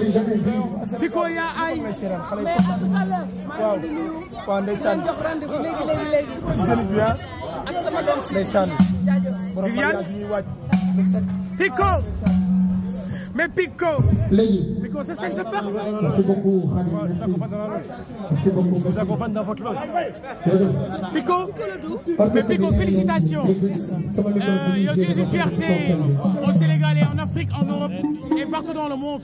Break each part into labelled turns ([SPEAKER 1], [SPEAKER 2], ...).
[SPEAKER 1] j'ai
[SPEAKER 2] jamais vu. Pico yaa ay. waaw waaw ndeysaan. ci jeune bi ah. ndeysaan. borom mariage ñuy waaj. Pico mais Pico. léegi. c'est ça que ça part. Merci beaucoup, Khalid. Merci. la Je vous accompagne dans votre loge. Pico, mais Pico, félicitations. il y a une fierté au Sénégal et en Afrique, en Europe et partout dans le monde.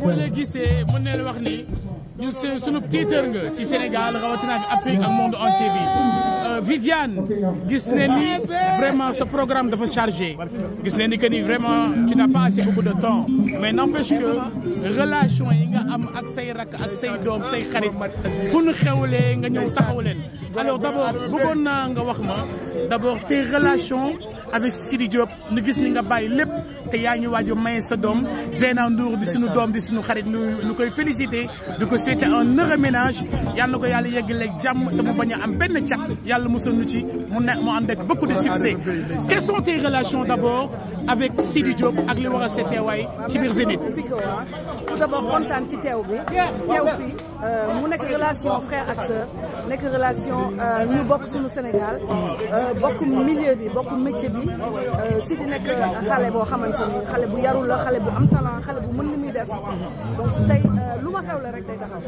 [SPEAKER 2] Pour les Guy, c'est mon éleveur ñu sunu tiitër nga ci Sénégal rawatina ak Afrique ak monde entier bi euh, Viviane gis ne ni vraiment ce programme dafa chargé gis ne ni que ni vraiment tu n'as pas assez beaucoup de temps mais parce que relation yi nga am ak say rakk ak say doom say xarit fu nu xewlee nga ñëw saxaw leen alors d'abord bëggoon naa nga wax ma d'abord tes relations avec Sidi Diop nu gis ni nga baye lepp te yañu ngi maye sa dom Zena Ndour di sunu dom di sunu xarit nu koy féliciter di ko souhaité un heureux ménage yalla na ko yàlla yeggaleeg jàmm te mo baña am ben cat yalla mosal nu ci mu ne mu ak beaucoup de succès quelles sont tes relations d'abord avec Sidi Diop ak li wara cété way ci bir Zénith.
[SPEAKER 1] tout d'abord kontaan ci teew bi teew fii euh, mu nekk relation frère ak sœur nek relation euh, ñu bok sunu Sénégal euh, bokk milieu bi bokk métier bi. سيدي نك خالي بو خامتيني خالي بو يارو لا خالي بو ام تالان خالي بو من لي داف دونك تاي لوما خيو لا رك داي تخاو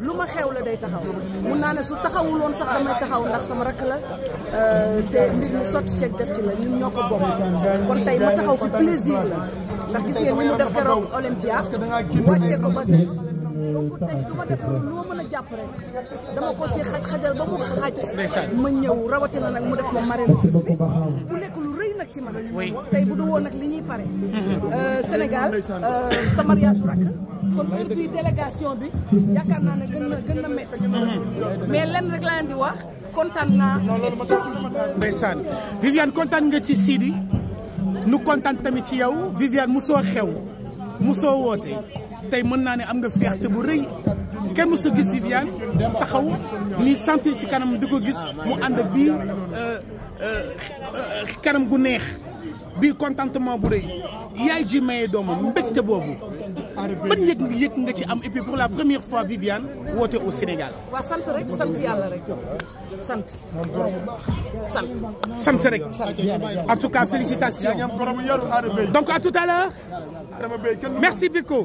[SPEAKER 1] لوما خيو لا داي تخاو مون نانا سو تخاول وون صاح داماي تخاو ناخ سما رك لا ا تي نيت ني سوت شيك داف تي لا نين نيوكو بوب كون تاي ما تخاو في بليزير لا غيس نين ني مو داف كروك اولمبيا واتي باسي donc tey lu ma def loolu mën a jàpp rek dama ko ci xaj-xajal ba mu xaj ma ñëw rawatina nag mu def ma marraine bis bi bu nekk lu rëy nag ci man tey bu du nag li ñuy pare euh, Sénégal euh, sa mariage rakk kon heure bii délégation bi yaakaar naa ne gën na gën na métti mais lenn rek laa leen di wax kontaan naa ci Sidi ndeysaan
[SPEAKER 2] Viviane kontaan nga ci Sidi nu kontaan tamit ci yow Viviane musoo xew musoo woote tey mën naa ne am nga fierté bu rëy kenn mësu gis Viviane taxaw ni sentir ci kanam di ko gis mu ànd bii euh, euh, euh, kanam gu neex bii kontantement bu rëy yaay ji maye doomam mbégte boobu nga ci am et puis pour la première fois Viviane êtes au Sénégal.
[SPEAKER 1] Oui, sant rek sant yàlla rek sant.
[SPEAKER 2] sant. en tout cas félicitations. donc à tout à l'heure merci beaucoup.